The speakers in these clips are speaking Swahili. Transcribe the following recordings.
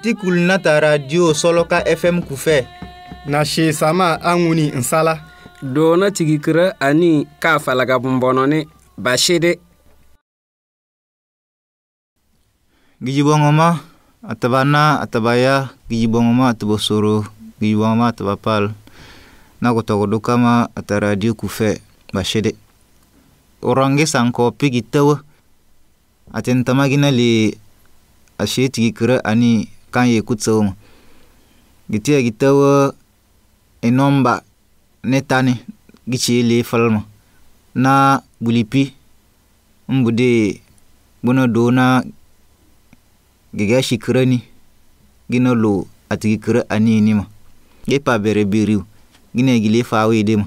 ti kuluna ta radio soloka fm kufɛ na shee sama a nsala n sala doona ani kaa falaga bumbɔnɔ ni bashede gijibɔŋɔma ataba na ataba ya gijibɔŋɔma ataba soro gijibɔŋɔma ataba pal na kutɔgudu kama ata radio kufɛ bashede urangi sankɔ pigi tawa atin tamagina le ashe tigikirɛ ani kan ye kutsewo me. Gete gite wo enɔmba ne tani gitsi le fɔlɔ me na bulipi mbude gbɔnɔ do na gɛgɛ si kere ni gina lo atigi kere ani ni me. Gepa bere biriu gina gile fa awo ye de me.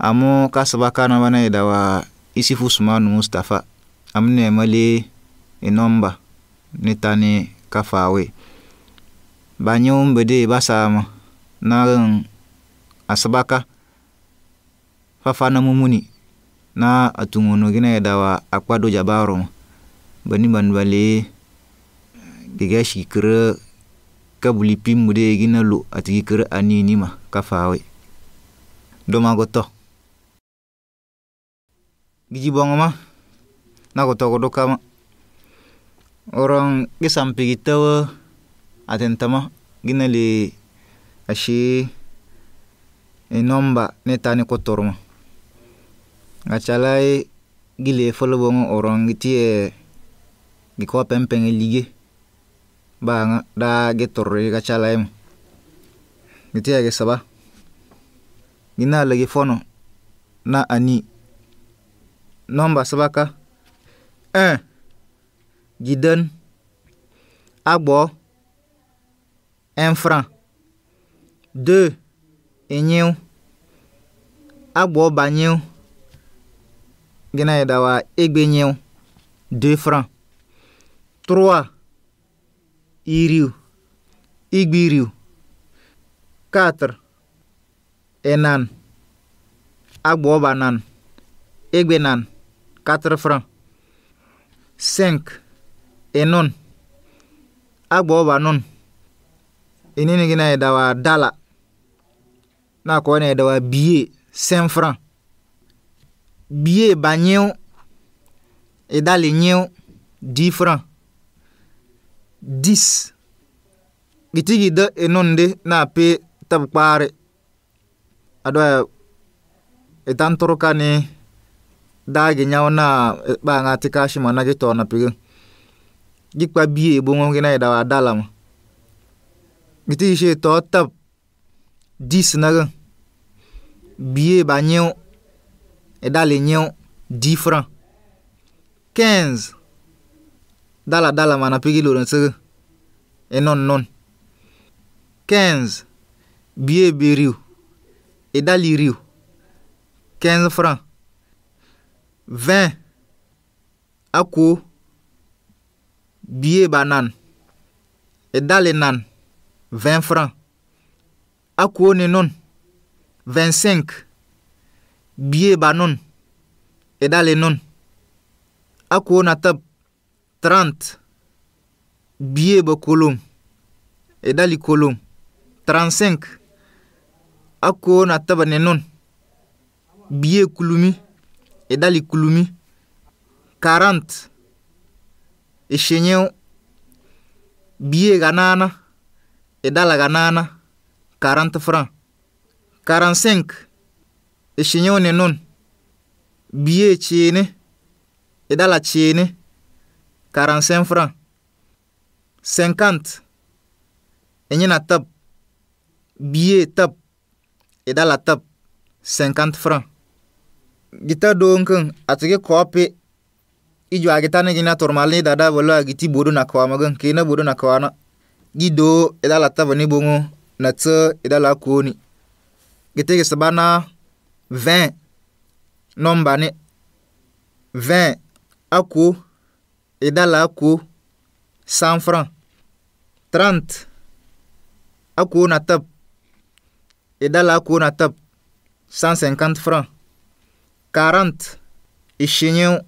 na kasaba kana bana ye dawa Isifu Sumanu Mustafa amne mali enɔmba ne tani kafawe banyum bede basama narin asabaka fafana mumuni na atungunu gina dawa baro jabaro bani banbale diga shikira ka bulipi mbede gina lo atigi ani anini ma kafawe goto giji bongoma godo kama Orang kisan pigi tawa atentama gina li ashi eh, inomba ne tani kotorma. Ngacalai gile folo bongo orang giti e gikwa pempeng lige banga da getorre eh, gacalai mo. Giti ya gesaba. Gina lagi fono oh. na ani. Nomba sabaka. Eh gidan agbɔ un franc deux enyiu agbɔ banyiu gina yi dawa egbe nyiu deux franc trois iriu igbiriu quatre enan agbɔ banan egbe nan quatre franc cinq inun agbooba nun inini gina yeda waa dala na koona yeda biye bie sen fran bie ba nyiu idali nyiu di fran dis gitigi de inun de na pe tab kpaare adoya itan turuka ni daagi nyau na e, baaŋa ti na gitona pigin Gikwa biye e bongon gena e da wala dalama. Gite yi che to otap. Dis naga. Biye ba nyon. E dalen nyon. Di fran. Kenz. Dala dalama na pegi loran sege. E non non. Kenz. Biye bi riyo. E daliriyo. Kenz fran. Vin. Ako. bie ba nan e dale nan 20 francs akuo ni nun 25 bie ba nun e dale nun akuo na tab 30 bie ba kolom e dali kolom 35 akuo na tab ni nun bie kulumi e dali kulumi 40 eshenyew billet ganana e dala ganana 40 francs 45 eshenyew ne non billet chene e dala chene 45 francs 50 enyina tab billet tab e dala tab 50 francs gita donkun atike kopi ijo agitane jina ni dada bolo bodo na nakwa magan kina bodu na. gido ida latta bani bongo na tse ida la kuni. gite gi sabana 20 nomba ne 20 aku ida la ku 100 fran. 30 aku na tab ida la ku na tab 150 fran. 40 ishinyo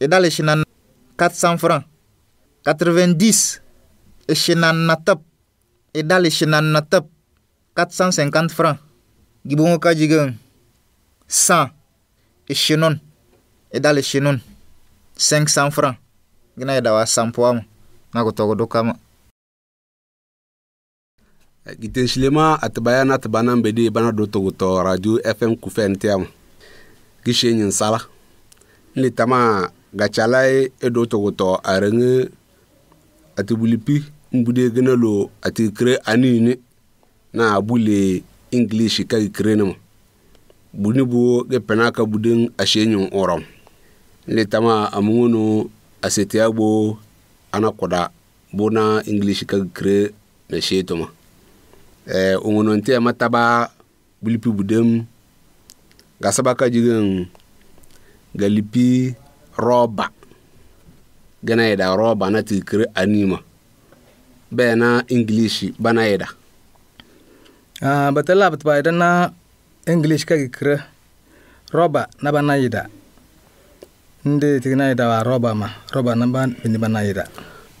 e dal e chenan 400 francs 90 e chenan na tep e dal e chenan na 450 francs gi bongo ka jigen 100 e chenon e dal e chenon 500 francs gina e dawa sampo ama na ko togo do kama gitensilema atibaya na tibana mbedi bana do togoto radio fm kufɛn tiyama gishe sala. nle tama gachalai edo e togoto arengi ati bulipi mbude gina lo ati kre anini na abule english ka kre ne mo buni bo ge penaka budin ashenyu oram le tama amungunu asete abo ana koda bona english ka kre na sheto ma eh ungunu ntia mataba bulipi budem gasaba ka jigin galipi roba gana yeda roba na tikiri anima be na ingilishi bana yeda uh, bata labat ba na ah, english kagi kiri roba na bana yeda ndi tigi na yeda wa roba ma roba na ba bini bana yeda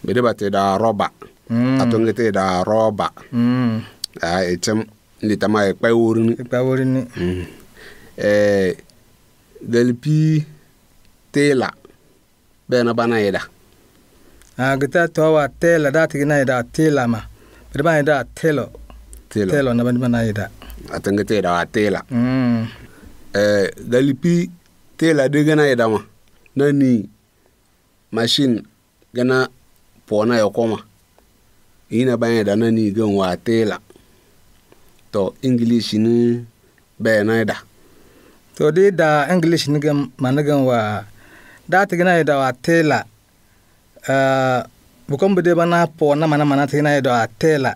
bidi bata yeda roba mm. atongi te roba mm. a itim mm. ah, e ndi tama ekpa wurini ekpa wurini mm. eh, delpi teela bɛɛna ba na a tɔɔ wa tɛɛla daa tɩgɩ na yɩda a teelama bɩdɩ ba na yɩda a tɛɛlɔ na bɛdɩ ba na yɩda a tɩŋ gɩ tɩɩda wa teela dalipi teela de gana yɩda ma na nii machine gana pɔɔ na yɔkɔma yina ba yɛda na nii gan wa teela tɔ english ni bɛɛ na yɩda tɔ da english ni gɛn ma wa daa gina na yidɔ a teela uh, eh, bukom bide ba na pɔ na mana mana tina na yidɔ a teela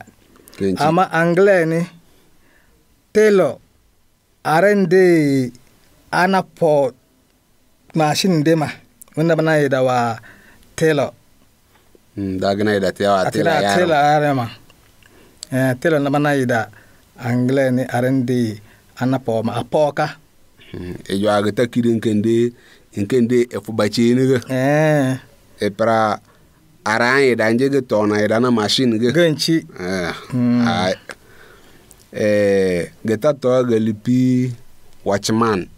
ama angle ni telo arende ana po machine de ma wanda bana na yidɔ wa teelɔ mm, daa gina yidɔ teela a teela yaro teela yaro eh, telo na bana na yidɔ anglɛ ni arende ana po ma a pɔ ka mm. ejo agita kirin kende nkende ge eh epra aran e danje ge tona e dana machine ge genchi eh hmm. ai, eh ge tato ge lipi watchman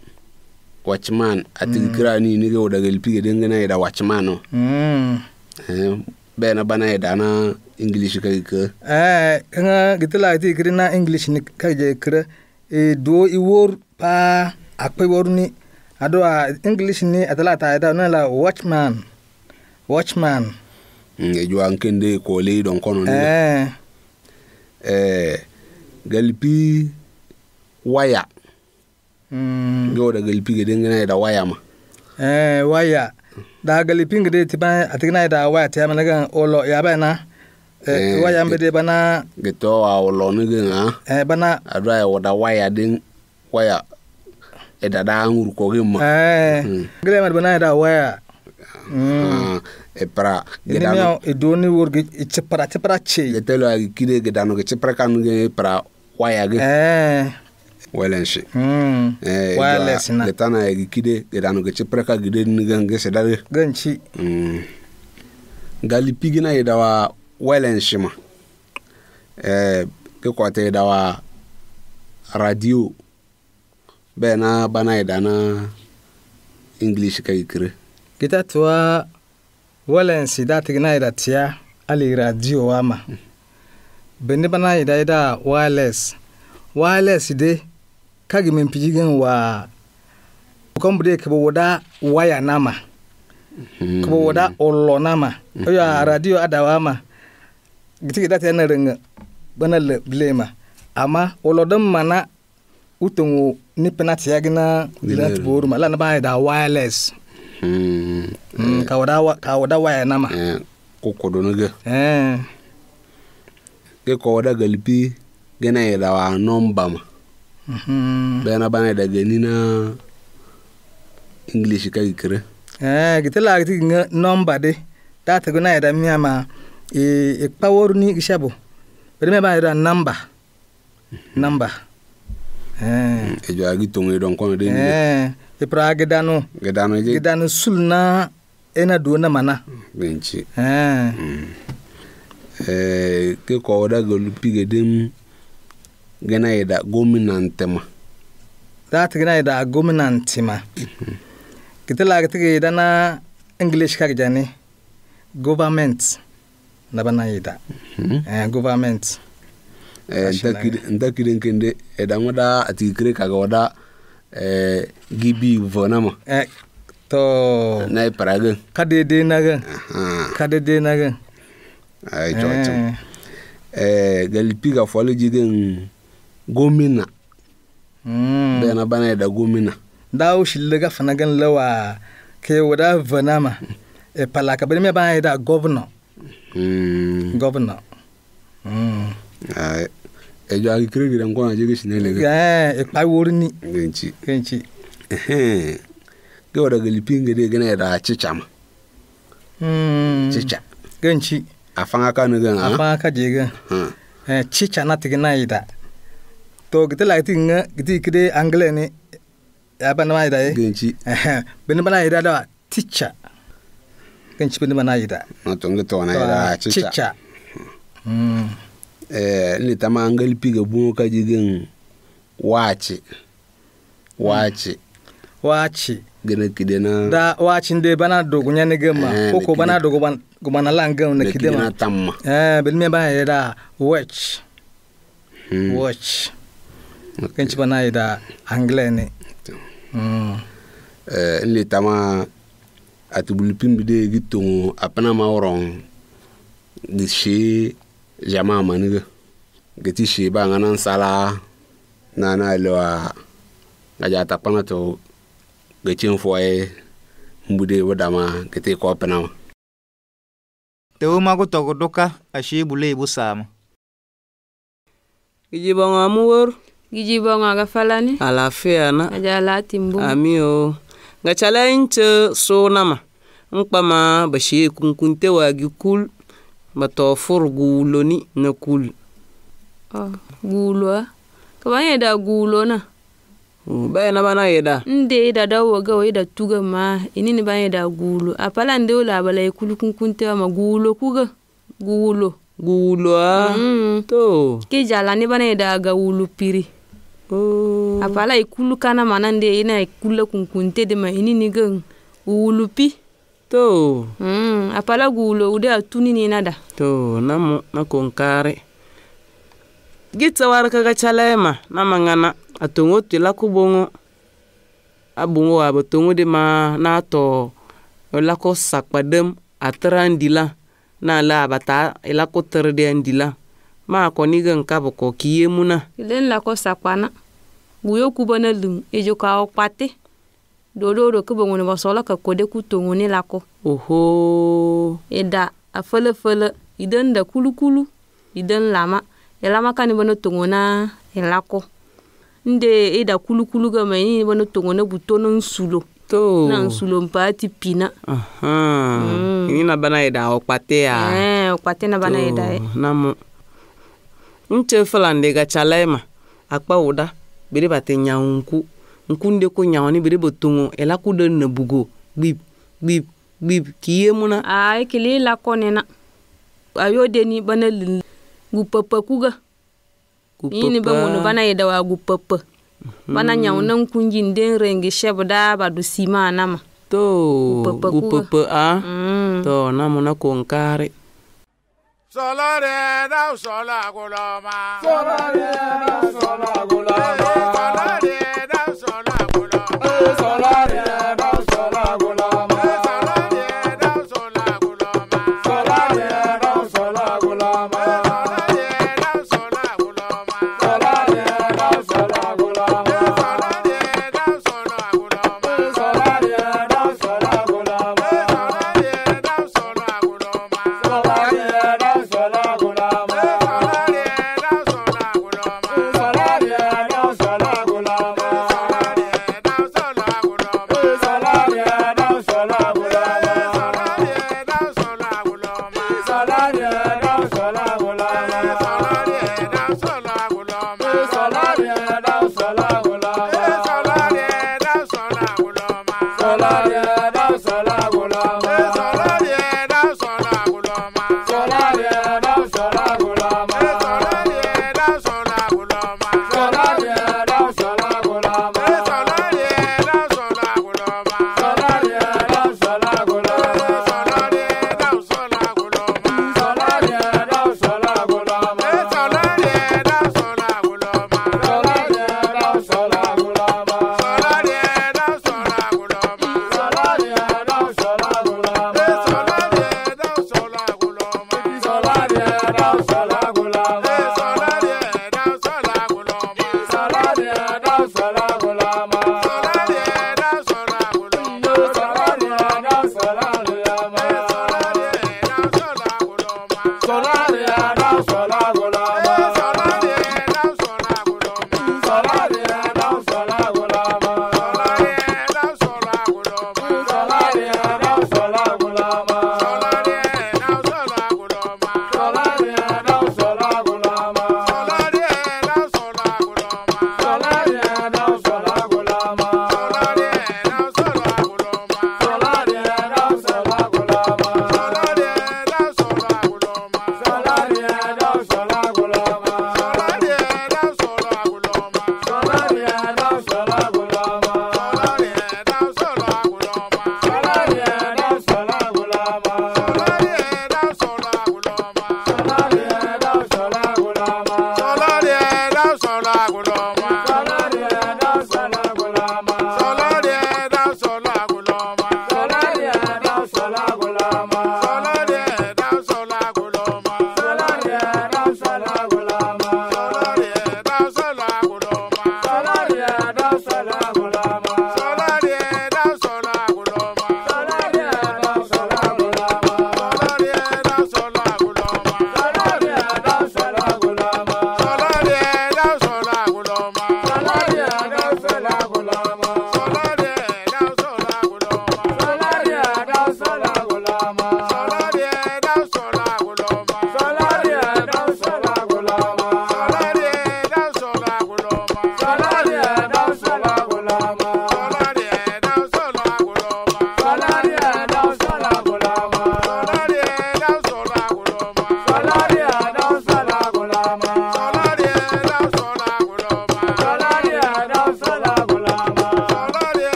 watchman ati hmm. kira ni ge oda ge lipi ge dengena e da watchman no mm. eh bena bana e dana english ka ke eh nga gitela kira na english ni ka je kira e do i wor pa akpe wor aduwa english ni atala ta ida na la watchman watchman nge jwa nkende ko le don kono ni eh eh galpi waya mm yo da galpi ge dengena da waya ma eh waya da galpi ge ti ba atigna da waya ti ma ga olo ya ba na eh, eh waya mbede bana geto olo ni ge eh, na eh bana adwa ya da waya din waya e daɗa ngurkokin eh. hmm. ma gila ma da waya hmm. ah, e para gedano e doni worge e chepara chepara che e telo agi kide gedano ge chepara waya ge eh welen shi hmm. eh wala sina getana agi ka gide ni gange se dare gali pigina e dawa ma eh ke kwate radio bena bana idana english ka ikire kita tua walen sida tigna ida tia ali radio ama bende bana ida ida wireless wireless de kagi men pijigen wa kombude kebo wada waya nama hmm. kebo wada ollo nama ya radio adawa ama gitigi dati yana ringa bana blema ama olodon mana utongo ni penati yagina direct boruma lana ba da wireless mm, mm ka wada wa, nama koko ko ko do nge eh, eh. wada galpi gena ya da wa number ma mhm bana bana da gani na english ka kire eh gitela giti number de ta ta gona ya da miya ma e e power ni gishabo bari me ba ya da number hmm. number e agi tongi don eh. ko de e pra ge gedano je gedano sulna ena na mana benci eh hmm. eh ke ko da dem ge na ida gominantema dat na ida ma kita lagi tiga ida na english kag jani government na bana ida hmm. eh government Eh, nta kiden kende edan eh, wada ati kire kaga wada eh, gibi vona ma to na paraga kade de naga kade de naga ai to to eh galipi ga folo jigen gomina mm bana bana da gomina dawo shillaga fanagan lawa ke wada vona ma e palaka bani me bana da governor mm governor mm. ẹjọ akéré rẹ nkọ́ àjẹ́ kí sinẹ́ lẹ́gẹ́. ẹ ìpawórí ni. kẹ́ńtì. kẹ́ńtì. gẹ́wọ́ daga lipin gẹ́dẹ́ gẹ́nà ẹ̀dá chicha ma. Hmm. chicha. kẹ́ńtì. afanga ka ni gan. afanga ka jẹ́ gan. Hmm. chicha na tigi na yi da. to gite la gite nga gite kide angle ni yaba e? na ma yi da ye. kẹ́ńtì. bẹ́ẹ̀ni bana yi da dọ́ ticha. kẹ́ńtì bẹ́ẹ̀ni bana yi da. n'o tɛ n kò tọ́ na yi da chicha. chicha. Hmm. eh, nilitama angalipiga bunga jigin wache wache wache gana kidena da wacin de bana dogo nyane gama koko bana dogo ban gumana langa na kidema tamma eh bilme ba ya da watch watch kan ci bana da angle ne mm. eh le tama atubulipim de gitu apana ma orang di shi jamaa maniga geti she ba ngana sala na na lewa ngaja ta pana to gechin foye mbude wadama gete ko pena te o mago to go doka ashe bule bu sama giji bonga muwor giji bonga ga falani alafia na aja latin bu amio ngachala inche so nama nkpama bashi kunkunte wa gikul ma fur guulo ni na kul. Oh, guulo kaban yeda guulo na. Bae na bana yeda. Nde ida da ga wa e da e tuga ma ini e ni bana yeda guulo. A pala nde ola bala ikulu kunkun te ma guulo kuga. Guulo. Guulo a. Mm. Mm-hmm. To. Ke jala ni bana yeda ga wulu piri. Oh. A pala ikulu kana mana nde ina ikulu kunkunte de ma ini ni gan wulupi. to mm, a pala guulo ude a tunini nada to namu na kon kare gitsa warka ga calaema namangana a tongo ti lako bongo a bongo waba tongo di ma na to o lako sakpa dem a tere a ndila na la a bata e lako tere di a ndila ma a koni ge nka boko ki ye mu na len lako sakpa na guyo kubo na lum e joko a o kpate dodo do ke be ŋone bɔsɔlɔ ke ko de ku to ŋone la ko oho eda afele fele iden e e e da kulu kulu iden lama elama kani bene to ŋone ela ko nde ida kulukulu kulu ge me ni bene to ŋone buto no nsulo to na nsulo mpa ti pina aha mm. na bana eda okpate ya eh okpate na bana eda e na mo nche fulande ga chalema akpa uda bere bate nyanku nkunde ko ɲawani bere botungu ela ku de na bugo bip bip bip k'i ye mun ah, e na ayo kili ni a yo deni bana gu papa kuga ini ba mun bana yeda wa gu papa mhm. bana na nkunji den rengi da ba du sima nama to gu papa a mm. to na muna na ko nkare Solare, da solo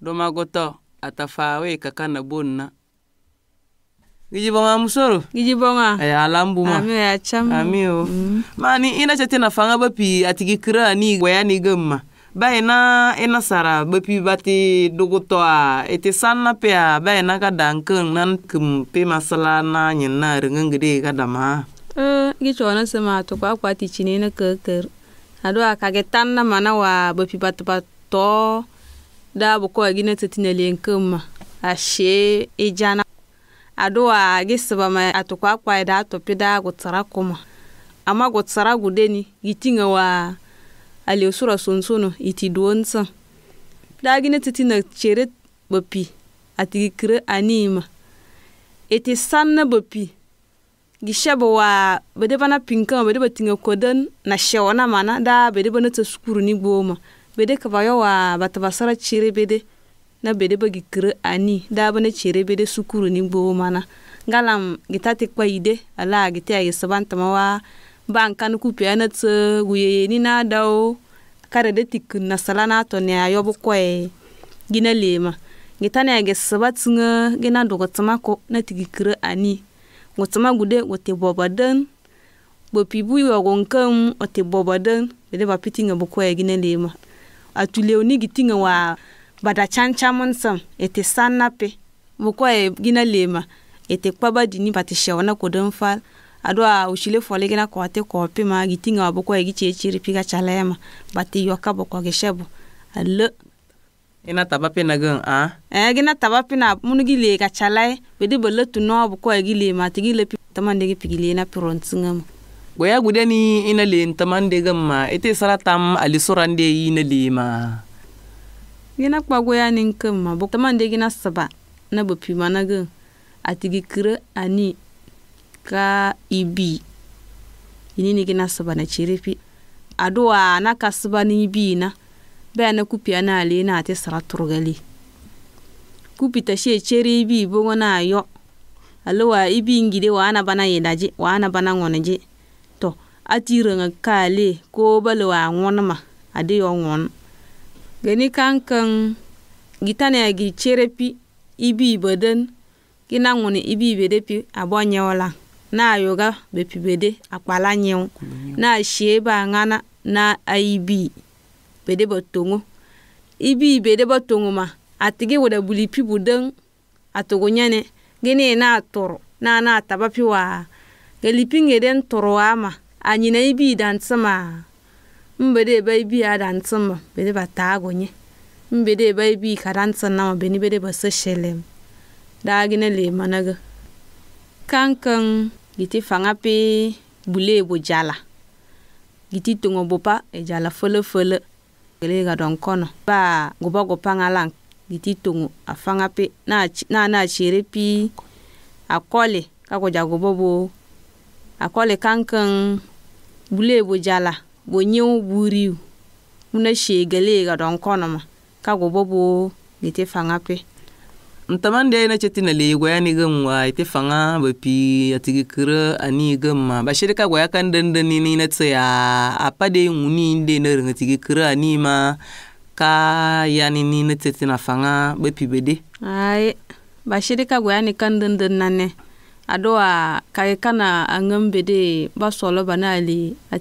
domagoto atafawe kakana bonna gijibonga musoro gijibonga aya alambuma ami acham ami o oh. mm. mani ina chete na fanga bapi atigi kira ni waya ni gemma ba ina ina sara bapi bati dogoto a ete sanna pe a ba ina ka dankeng nan kum pe masala na nyen na rengen gede ka dama eh gichona sema to kwa kwa ti chine na keker ado akagetan na mana wa bapi bat bat to da bu ko gina titina lenkin ma jana ijana aduwa gisiba ma atukwa kwa da topi da gutsara kuma amma gutsara gude ni gitinga wa alesura sonsono iti duwonsa da gina titina cere bapi atigi kire anima iti sanna bapi gishaba wa bade bana pinkama bade batinga kodan na shewana mana da bade bana ta sukuru ni goma bede ka ba yawa ba ta basara cire bede na bede ba gikire ani da ba na cire bede sukuru ni gbo mana ngalam gita ti kwa ide ala gita ya sabanta mawa ba kan ku pe na tsa guye ni na dawo kare de tik na sala na to ne ayo bu ko e gina lema gita ne ba sabat nga gina dogo tsama ko na tigikire ani tsama gude wote bobadan bo pibu yo gonkan ote bobadan bede ba pitinga bu ko e gina lema atu leonigi tiŋa wa bada chan chamon sam ete sanna pe bukwa e eh, gina lema ete kwaba dini pati shewna kodon fal a ah, ushile fole gina ko ate ko pe ma gitinga wa boko e eh, giche eh, chiri pika chalema bati yoka bukwa geshebo alle ina taba pina gun a ah? eh gina taba pe na munu le ka chalai bedi bele no boko e gile ma tigi le tamande gi pigile na piron goya gude ni ina le ntamande gamma ite saratam ali sorande ina le ma gina kpa goya ma kamma bo tamande gina saba na bo pima na gan atigi kire ani ka ibi ini ni gina saba na chiripi adowa na ka saba ni ibi na bɛɛ na kupia na ale na ate sara turgali ta she cheri ibi bongo na yo alo wa ibi ngide wa ana bana yedaje wa ana bana ngoneje a tiirãŋa kaale koo ba le waa ŋɔnema a de yɔ ŋɔn geni kaŋ kaŋ gitane a gi cere pi i bii ba den gina ŋuni i bii bede pi a bɔ nyɛo la na a yoga be pi bede a kpala nyɛo na a shie ba ŋana na a i bii bede ba toŋo i bii bede ba toŋo ma a tigi wada buli pi bu den a togo nyɛne gini e na a toro na na a taba pi waa gelipi ŋe den toro waa ma anyi na ibi dan tsima mbede ba ibi a dan tsima bede ba ta gonye mbede ba ibi ka dan tsana ma beni bede ba sa shelem da gina le managa kankan giti fanga pe bule bo jala giti tongo bopa e jala fele fele gele ga don kono ba goba gopa ngalan giti tongo afanga pe na na na chere pi akole kako jagobo A akole kankan bule bu jala bu nyiw bu riw muna shee gale ga don kono ma ka go bo bo ni te fanga pe ntaman de na chetina le go ya ni gam wa te fanga ba pi atigi kure ani gam ma ba shirka go ya kan dan dan ni na tsaya a pa de nguni inde na ringa tigi kure ani ma ka ya ni ni na chetina fanga ba pi bede ai ba shirka go ya ni kan dan dan na ne adowa kaye kana a ŋambede ba sɔlɔ bana ali a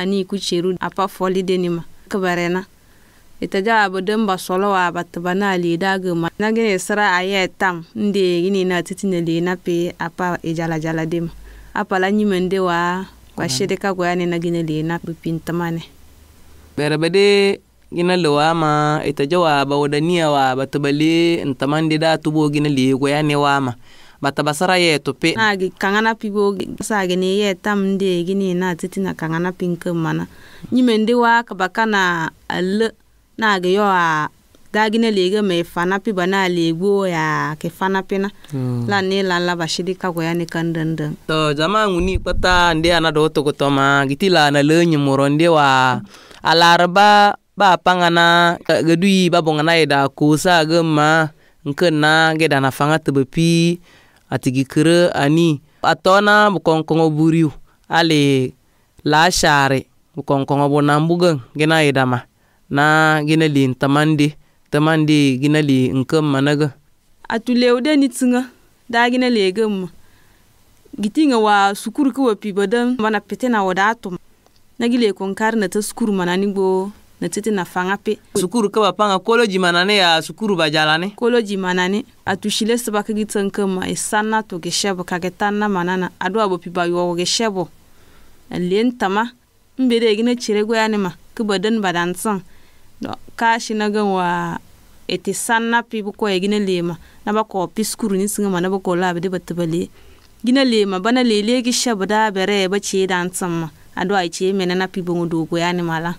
ani ku ceru a pa fɔli deni itaja ba ba sɔlɔ wa ba tiba ali daagi ma na gini sira tam n gini na titina le na pe a pa e jalajala de ma a wa kwa shede ka goya na gini le na bi pintama gina lewa ma itaja wa ba wadaniya wa ba ntamande da tubo gina le goya ne wa ma batabasara yeeto pe nagi kaŋana pigo sagene ye tam nde gini na titina kaŋana pinke mana nyime ndi wa kabaka na alle nage yo a dagine lege me fana piba na lego ya ke fana pina mm. la ne la la bashidi kago ya ne kandanda to jama nguni pata ndi ana do to ma giti la na le nyimoro ndi wa alarba ba pangana gedui ba bongana ida e, kusa gema ge gedana fanga tebepi atigi kere ani atona bukonkongo buriu ali laashari bukonkongo bu nambugan gina idama na gina li tamandi tamandi gina li nkam managa atu lewde ni tsinga da gina legam gitinga wa sukuru ko pi badan mana petena wada atum nagile kon karna ta sukuru manani go ne tɩ tɩ nafaga pe sukuru ka panga pãga kolo jimanane yaa sukuru bajalane jalane kolo jimanane a tushile sɩba ka gɩ tɩn kẽma sanna tɩ gɩ ka gɩ tanna manana a do a bopi ba yaoog gɩ shɛbo e len tama n be deegi na cire goyaane ma ka ba dẽn ba dãnsẽn kaa shina gẽn wa y tɩ sanna pɩ bɩ koɛ gɩ na leema na ba kao pɩ sukuru ninsẽngã ma na ba kao la a bɩ de ba tɩ ba lee gɩ na leema ba na leeleegi daa bɛrɛ ba cee dãnsẽn ma a do a y cee mene na pɩ bõngo doog ma la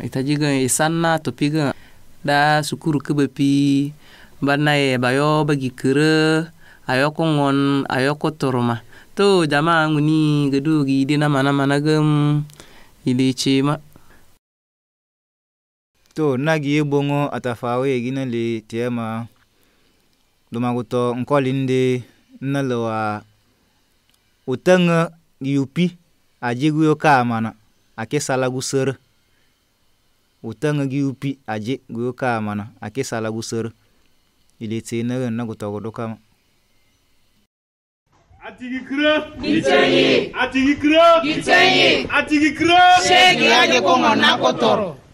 ita jiga i sanna topiga da sukuru kibepi banaye bayo bagi kere ayoko ngon ayoko toruma to jama nguni gedu gidi na mana mana gem ili cima to nagi ebongo atafawe gina le tema dumaguto nkolinde nalowa utenga yupi ajigu yo kamana akesalagu sere wu gi upi aje guyo yu kaa mana ake sala gu sörö i le tsee nörön na gu togudu kama Atigikra Gitsenyi Atigikra Gitsenyi Atigikra Shegi aje kongo na kotoro